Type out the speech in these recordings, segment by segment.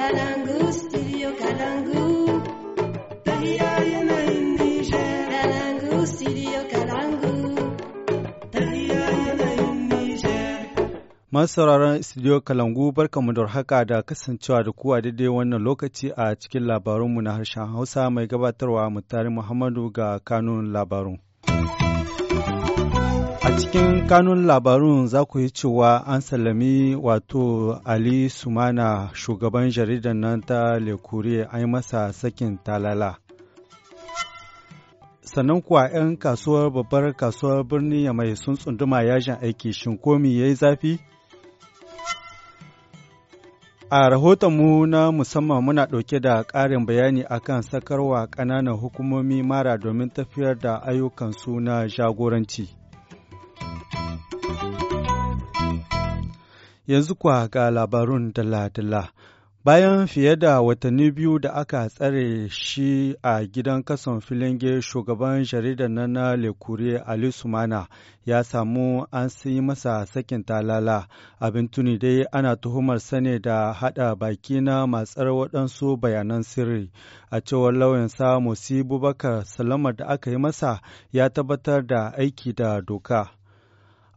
Kalangu, studio Kalangu. Kalangu, studio Kalangu. Masu sauraron studio Kalangu barkanmu da haka da kasancewa da kuwa daidai wannan lokaci a cikin labarunmu na harshen Hausa mai gabatarwa mutari Muhammadu ga kanun labarun. A cikin kanun labarun za ku yi cewa an sallami wato Ali Sumana shugaban jaridar nan ta Lekure an yi masa sakin talala. Sannan kuwa 'yan kasuwar babbar kasuwar birni ya mai sun tsunduma yajin aiki shinkomi ya yi zafi? A rahotonmu na musamman muna ɗauke da ƙarin bayani akan sakarwa ƙananan hukumomi mara domin tafiyar da ayyukansu na jagoranci. Yanzu kwa ga labarun dala-dala. Bayan fiye da watanni biyu da aka tsare shi a gidan kasan filinge shugaban jaridar na na Lekure Ali Sumana ya samu an yi masa sakin talala. Abin tuni dai ana tuhumar sane da hada baki na matsar waɗansu bayanan sirri. A cewar lauyansa Musi Bubakar Salamar da aka yi masa ya tabbatar da aiki da doka.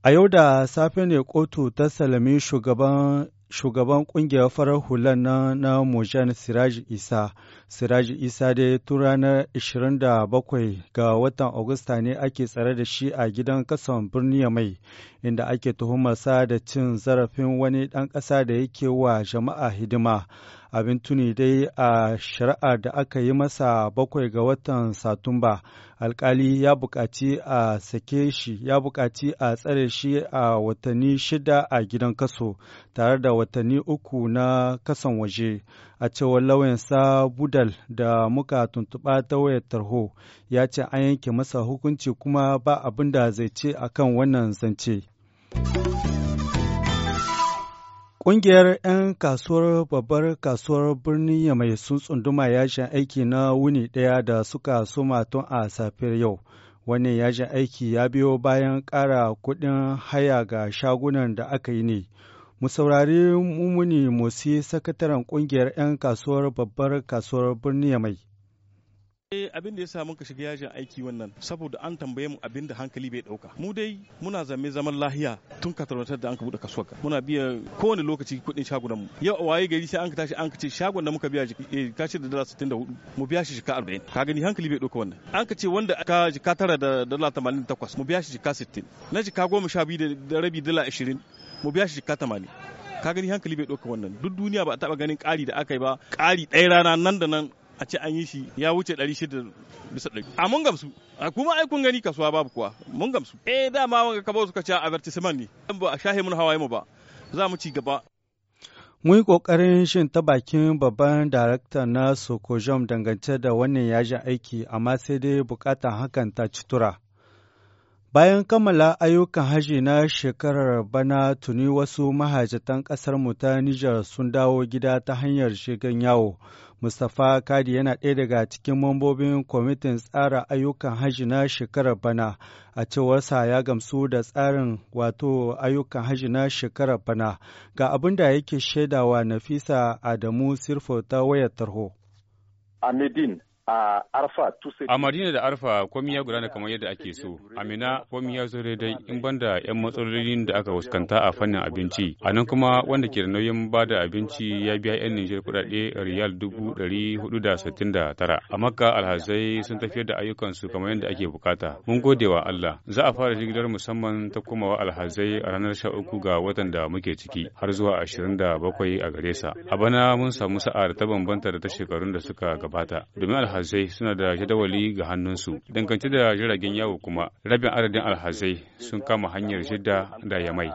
A yau da safe ne kotu ta salami shugaban shugaban kungiyar farar hular na, na Mojan Siraj Isa. siraji Isa dai tun ranar 27 ga watan Agusta ne ake tsare da shi a gidan kasan birni mai, inda ake tuhumarsa da cin zarafin wani ɗan ƙasa da yake wa jama'a hidima. abin tuni dai a shari'a da aka yi masa bakwai ga watan satumba alkali ya buƙaci a sake shi ya bukaci a tsare shi a watanni shida a gidan kaso tare da watanni uku na kasan waje a cewar lauyansa budal da muka tuntuɓa ta wayar tarho ya ce an yanke masa hukunci kuma ba abin da zai ce akan wannan zance. Ƙungiyar 'yan kasuwar babbar kasuwar birnin mai sun tsunduma yashin aiki na wuni ɗaya da suka suma tun a safiyar yau. Wannan yashin aiki ya biyo bayan ƙara kuɗin haya ga shagunan da aka yi ne. Mu saurari Mumuni Musi, sakataren ƙungiyar 'yan kasuwar babbar kasuwar birnin Yamai. Eh, abin da ya samu ka shiga yajin aiki wannan saboda an tambaye mu abin da hankali bai dauka mu dai muna zame zaman lahiya tun ka tarwatar da an ka bude kasuwar ka muna biya kowane lokaci kudin shagunan mu yau a waye gari sai an ka tashi an ka ce shagon da muka biya jika eh, ce da dala 64 mu biya shi jika 40 ka gani hankali bai dauka wannan an ka ce wanda ka jika tara da dala 88 mu biya shi jika 60 na jika 12 da rabi dala 20 mu biya shi jika 80 ka gani hankali bai ɗauka wannan duk duniya ba a taba ganin ƙari da aka yi ba ƙari ɗaya rana nan da nan a ce an yi shi ya wuce 600 bisa ɗari a mun gamsu a kuma ai kun gani kasuwa babu kuwa mun gamsu eh dama wanga ka suka ce advertisement ne ba a shahe mun hawaye mu ba za mu ci gaba Mun yi ƙoƙarin shin ta bakin babban darakta na Sokojom dangance da wannan yajin aiki, amma sai dai buƙatar hakan ta ci tura. Bayan kammala ayyukan haji na shekarar bana tuni wasu mahajatan kasar mu ta Niger sun dawo gida ta hanyar shigan yawo. Mustapha Kadi yana ɗaya daga cikin mambobin kwamitin tsara ayyukan haji na shekarar bana. A cewarsa ya gamsu da tsarin wato ayyukan haji na shekarar bana. Ga abin da yake shaidawa Nafisa Adamu Sirfo ta wayar tarho. a arfa a madina da arfa komi ya gudana kamar yadda ake so amina komi ya zo daidai in banda yan matsalolin da aka fuskanta a fannin abinci a nan kuma wanda ke da nauyin bada abinci ya biya yan nijar kudade riyal dubu dari hudu da sittin da tara a makka alhazai sun tafiyar da ayyukansu kamar yadda ake bukata mun gode wa allah za a fara jigilar musamman ta komawa alhazai a ranar sha uku ga watan da muke ciki har zuwa ashirin da bakwai a gare sa a bana mun samu sa'ar ta bambanta da ta shekarun da suka gabata domin alhazai suna da jadawali ga hannunsu. Dangance da jiragen yawo kuma rabin adadin alhazai sun kama hanyar jidda da yamai.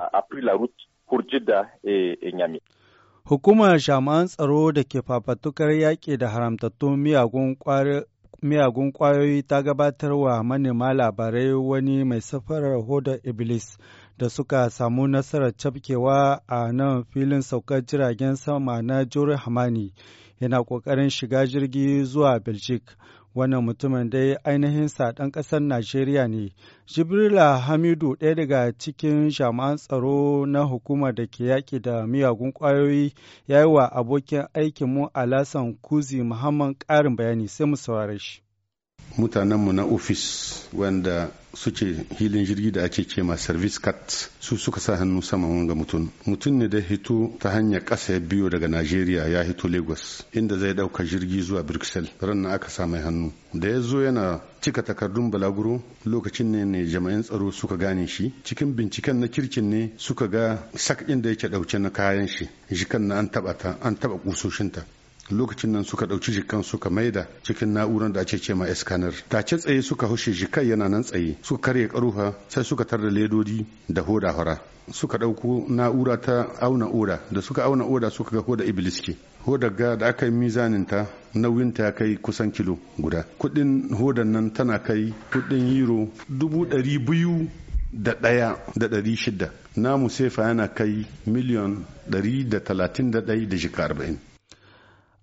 Hukumar shaman tsaro da ke fafatukar yaƙi da haramtattun miyagun miyagun ƙwayoyi ta gabatar wa manema labarai wani mai safarar hodar iblis da suka samu nasarar cafkewa a nan filin saukar jiragen sama na jori hamani yana ƙoƙarin shiga jirgi zuwa Belgic. Wannan mutumin dai ainihin sa ɗan ƙasar Najeriya ne. Jibrila Hamidu ɗaya daga cikin jami'an tsaro na hukumar da ke yaƙi da miyagun ƙwayoyi ya yi wa abokin aikinmu Alasan Kuzi Muhammad ƙarin bayani sai mu saurare shi. mutanenmu na ofis wanda suke hilin jirgi da ake cema service cut su suka sa hannu saman wanga mutum mutum ne da hito ta hanyar ƙasa ya biyo daga nigeria ya hito lagos inda zai ɗauka jirgi zuwa bruxelles ran na aka sa mai hannu da ya zo yana cika takardun balaguro lokacin ne ne jama'in tsaro suka gane shi cikin binciken na kirkin ne suka ga sak da yake ɗauke na kayan shi jikan na an taɓa an taɓa kusoshinta lokacin nan suka ɗauki jikan suka maida cikin na'urar da ake ce ma eskanar tace tsaye suka hushe jikan yana nan tsaye suka karya karuha sai suka tarda ledodi da hoda hora suka ɗauko na'ura ta auna oda da suka auna oda suka ga hoda iblis ke hodar ga da aka yi mizanin ta nauyin ta ya kai kusan kilo guda kudin hodar nan tana kai kuɗin euro dubu ɗari biyu da ɗaya da ɗari shida namu sefa yana kai miliyan ɗari da talatin da ɗai da jika arba'in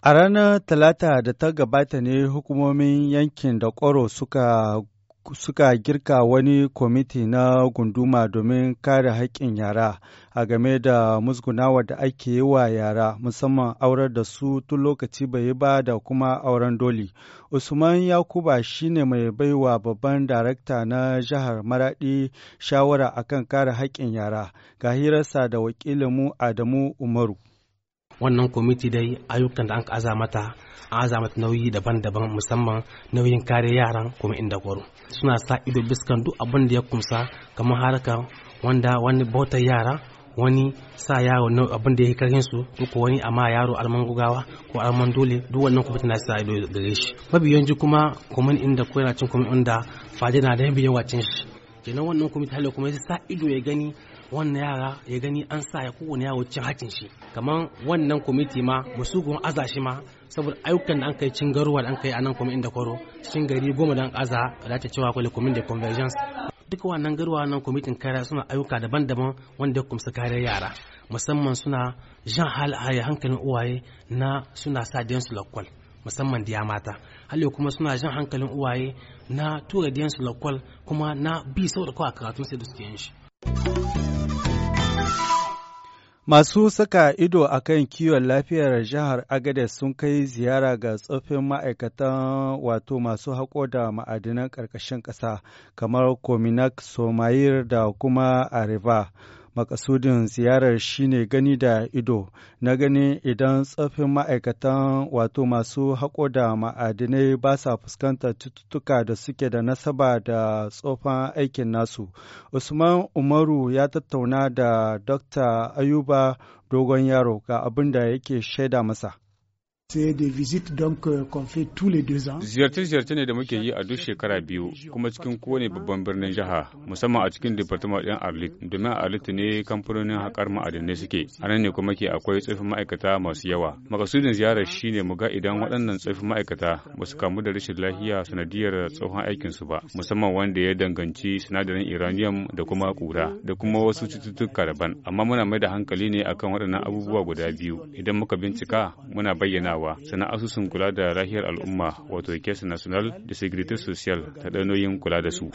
A ranar Talata da ta gabata ne hukumomin yankin da ƙoro suka suka girka wani kwamiti na gunduma domin kare haƙƙin yara a game da musgunawa da ake yi wa yara musamman aurar da su tun lokaci bai ba da kuma auren doli. Usman Yakuba shine mai baiwa babban darakta na jihar maraɗi shawara akan kare haƙƙin yara ga hirarsa da wakilinmu Adamu Umaru. wannan kwamiti dai ayyukan da an aza mata an aza mata nauyi daban-daban musamman nauyin kare yaran kuma inda gwaro suna sa ido biskan duk abin da ya kumsa kamar haraka wanda wani bautar yara wani sa yaro na abin da ya karhin su ko wani amma yaro alman gugawa ko alman dole duk wannan kuma tana sa ido gare shi mabiyanci kuma kumin inda ko yana cin kumin inda fadina na da yawa wacin shi kenan wannan kuma ta kuma ya sa ido ya gani wannan yara ya gani an sa ya kowane yawo cin hakin shi kamar wannan kwamiti ma musugun aza shi ma saboda ayyukan da an kai cin garuwa da an kai a nan kwamitin da kwaro cikin gari goma da an aza da ta cewa kwale kwamitin da convergence Duk wannan garuwa nan kwamitin kariya suna ayyuka daban-daban wanda ya kumsa kariyar yara musamman suna jan halaye hankalin uwaye na suna sa su lakwal musamman diya mata halle kuma suna jan hankalin uwaye na tura diyansu lakwal kuma na bi sau da karatun sai da suke yin shi Masu saka ido a kan kiwon lafiyar jihar Agade sun kai ziyara ga tsoffin ma'aikatan wato masu haƙo da ma'adinan ƙarƙashin ƙasa kamar Kominak Somayir da kuma Areva. makasudin ziyarar shine gani da ido na gani idan tsofin ma'aikatan wato masu haƙo da ma'adinai ba sa fuskantar cututtuka da suke da nasaba da tsofan aikin nasu usman umaru ya tattauna da dr ayuba dogon yaro ga abin da yake shaida masa Ziyarce-ziyarce ne da muke yi a duk shekara biyu kuma cikin kowane babban birnin jiha musamman a cikin departement ɗin Arlit domin a Arlit ne kamfanonin haƙar ma'adanai suke a nan ne kuma ke akwai tsofin ma'aikata masu yawa. Makasudin ziyarar shine mu ga idan waɗannan tsofin ma'aikata ba su kamu da rashin lafiya sanadiyar tsohon su ba musamman wanda ya danganci sinadarin uranium da kuma ƙura da kuma wasu cututtuka daban amma muna mai da hankali ne akan waɗannan abubuwa guda biyu idan muka bincika muna bayyana tunawa sannan asusun kula da lahiyar al'umma wato kes national da sécurité social ta ɗanoyin kula da su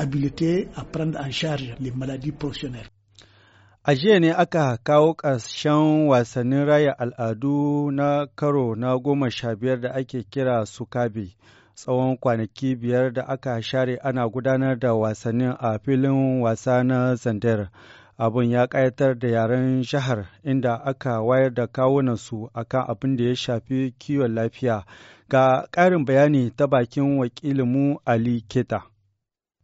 A jiya ne aka kawo ƙarshen wasannin raya al'adu na karo na goma sha biyar da ake kira su Sukabi. Tsawon kwanaki biyar da aka share ana gudanar da wasannin a filin wasa na Zandar. Abin ya ƙayatar da yaren jihar inda aka wayar da kawunansu kan abin da ya shafi kiwon lafiya ga ƙarin bayani ta bakin wakilinmu ali keta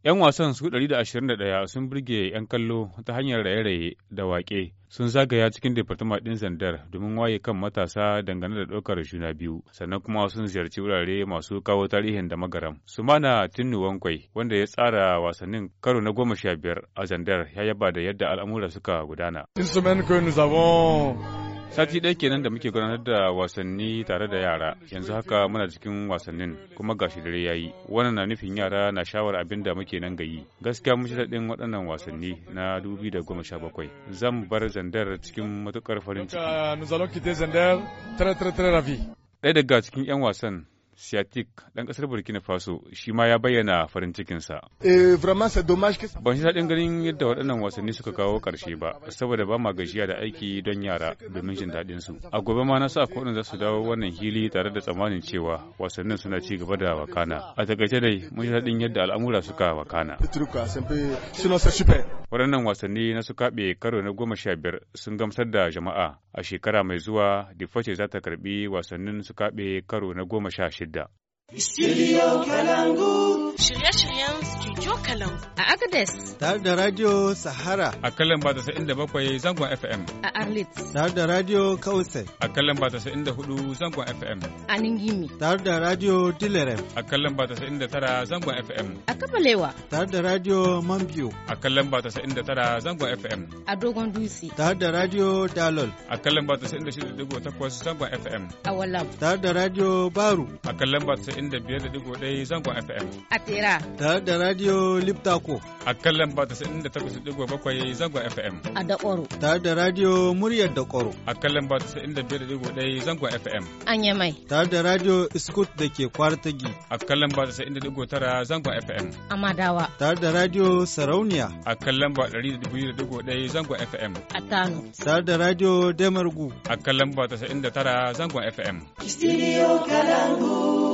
'Yan wasan su 121 sun burge 'yan kallo ta hanyar raye-raye da waƙe sun zagaya cikin departama ɗin zandar domin waye kan matasa dangane da ɗaukar juna biyu sannan kuma sun ziyarci wurare masu kawo tarihin da magaram. mana Tinnu Wankwai wanda ya tsara wasannin karo na goma sha biyar a zandar ya yaba da yadda al'amura suka gudana. Sati ɗaya kenan da muke gudanar da wasanni tare da yara, yanzu haka muna cikin wasannin kuma gashi dare yayi. Wannan na nufin yara na shawar abin da muke nan gayi. Gaskiya mun daɗin waɗannan wasanni na 2017. Zan bar zandar cikin matuƙar farin ciki. Ɗaya daga cikin 'yan wasan Siatik ɗan ƙasar Burkina Faso shi ma ya bayyana farin cikinsa. Eh, Ban shi daɗin ganin yadda waɗannan wasanni suka kawo ƙarshe ba, saboda ba ma gajiya da aiki don yara domin jin daɗin su. A gobe ma na sa kuɗin za su dawo wannan hili tare da tsammanin cewa wasannin suna ci gaba da wakana. A takaice dai mun shi daɗin yadda al'amura suka wakana. Waɗannan wasanni na su kaɓe karo na goma sha biyar sun gamsar da jama'a. A shekara mai zuwa, Diface za ta karɓi wasannin su kaɓe karo na goma sha shida. shida. Studio Kalangu. shirye-shiryen Studio Kalau a Agadez. Tare da Radio Sahara. A kalan ba da bakwai zangon FM. A Arlit. Tare da Radio Kausai. A kalan ba da hudu zangon FM. A Ningimi. Tare da Radio Dilerem. A kalan ba da tara zangon FM. A Kabalewa. Tare da Radio Mambiyo. A kalan ba da tara zangon FM. A Dogon Dutse. Tare da Radio Dalol. A kalan ba da takwas zangon FM. A Walam. Tare da Radio Baru. A kalan ba da biyar da digo zangon FM. A Tera. Tare da Radio Liptako. A kan lamba bakwai zangon FM. A Dakoro. Tare da Radio Muryar Dakoro. A kan lamba ɗaya zangon FM. An mai. Tare da Radio Scoot da ke Kwartagi. A kan lamba tara zangon FM. A Madawa. Tare da Radio Sarauniya. A kan lamba ɗaya zangon FM. A Tano. Tare da Radio Demargu. A kan lamba tara zangon FM. Studio Kalangu.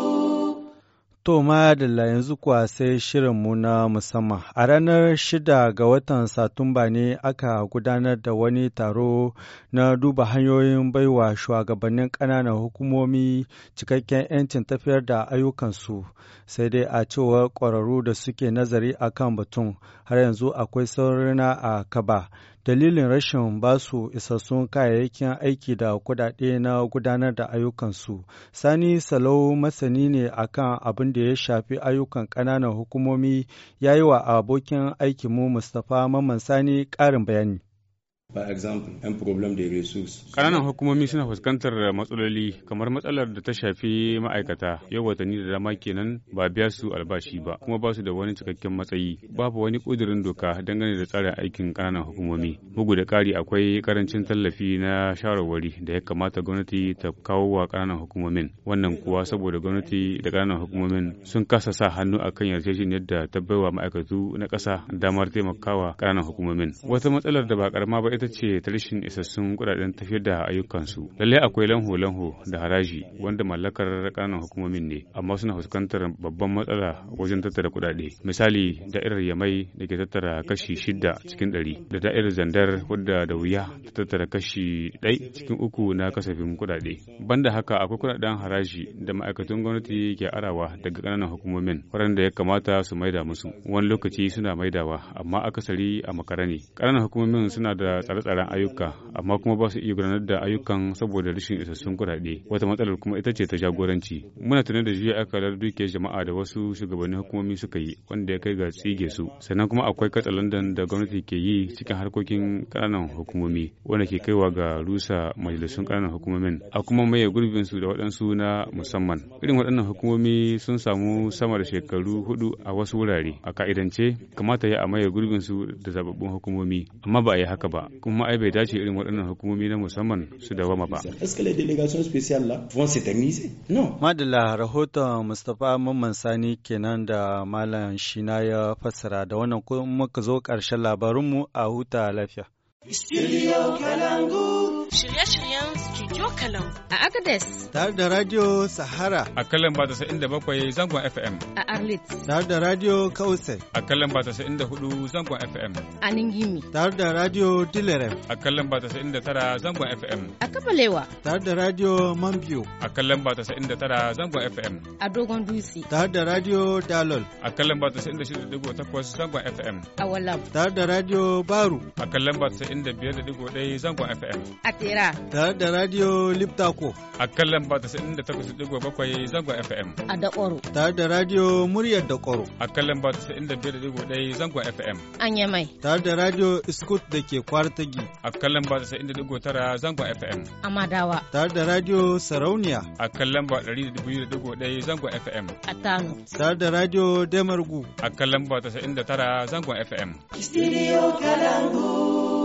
To madalla yanzu kuwa sai mu na musamman. A ranar shida ga watan Satumba ne aka gudanar da wani taro na duba hanyoyin baiwa shugabannin ƙananan hukumomi cikakken 'yancin tafiyar da ayyukansu, sai dai a cewa ƙwararru da suke nazari a kan batun har yanzu akwai saurina a kaba. dalilin rashin basu isassun kayayyakin aiki da kudade na gudanar da ayyukansu. Sani Salau masani ne akan abin da ya shafi ayyukan ƙananan hukumomi ya yi wa abokin aikinmu Mustapha Mamman Sani ƙarin bayani. Ƙananan hukumomi suna fuskantar matsaloli kamar matsalar da ta shafi ma'aikata yau watanni da dama kenan ba biya su albashi ba kuma ba su da wani cikakken matsayi babu wani ƙudurin doka dangane da tsarin aikin kananan hukumomi bugu da kari akwai ƙarancin tallafi na shawarwari da ya kamata gwamnati ta kawo wa ƙananan hukumomin wannan kuwa saboda gwamnati da ƙananan hukumomin sun kasa sa hannu akan yarjejeniyar da ta wa ma'aikatu na ƙasa damar taimakawa ƙananan hukumomin wata matsalar da ba karama ba ita ce ta rashin isassun kudaden tafiyar da ayyukansu. lalle akwai lanho-lanho da haraji wanda mallakar ƙananan hukumomin ne, amma suna fuskantar babban matsala wajen tattara kudade. Misali, da'irar Yamai da ke tattara kashi shida cikin ɗari, da da'irar Zandar wadda da wuya ta tattara kashi ɗai cikin uku na kasafin kudade. Banda haka akwai kudaden haraji da ma'aikatan gwamnati ke arawa daga kananan hukumomin waɗanda ya kamata su maida musu. Wani lokaci suna maidawa, amma akasari a makarani kananan hukumomin suna da tsare-tsaren ayyuka amma kuma ba su iya gudanar da ayyukan saboda rashin isassun kuɗaɗe wata matsalar kuma ita ce ta jagoranci muna tunanin da juya akalar dukiyar jama'a da wasu shugabannin hukumomi suka yi wanda ya kai ga tsige su sannan kuma akwai katsalandan da gwamnati ke yi cikin harkokin ƙananan hukumomi wanda ke kaiwa ga rusa majalisun ƙananan hukumomin a kuma maye gurbin su da waɗansu na musamman irin waɗannan hukumomi sun samu sama da shekaru hudu a wasu wurare a ka'idance kamata ya a maye gurbin su da zababbun hukumomi amma ba a yi haka ba kuma ai bai dace irin waɗannan hukumomi na musamman su dawama ba. Madalla rahoton Mustapha Mamman Sani kenan da Malam Shina ya fassara da wannan ko ka zo ƙarshen labarunmu a huta lafiya. Shirye-shiryen Studio Kalau. A Agadez. Tare da Radio Sahara. A kalan ba inda bakwai zangon FM. A Arlit. Tare da Radio Kausai. A kalan ba inda hudu zangon FM. A Ningimi. Tare da Radio Dilerem. A kalan ba inda tara zangon FM. A Kabalewa. Tare da Radio Mambiyo. A kalan ba inda tara zangon FM. A Dogon Dutse. Tare da Radio Dalol. A kalan ba da takwas zangon FM. A Walam. Tare da Radio Baru. A kalan ba inda biyar da 95.1 zangon FM. A Tera. Tare da Radio Radio Liptako. A kan lamba FM. A Dakoro. Tare da Radio Muryar Dakoro. A kan lamba FM. Tare da Radio Scoot da ke Kwartagi. A kan lamba FM. A Madawa. Tare da Radio Sarauniya. A kan lamba FM. A Tano. Tare da Radio Demargu. A kan lamba FM. Studio Kalangu.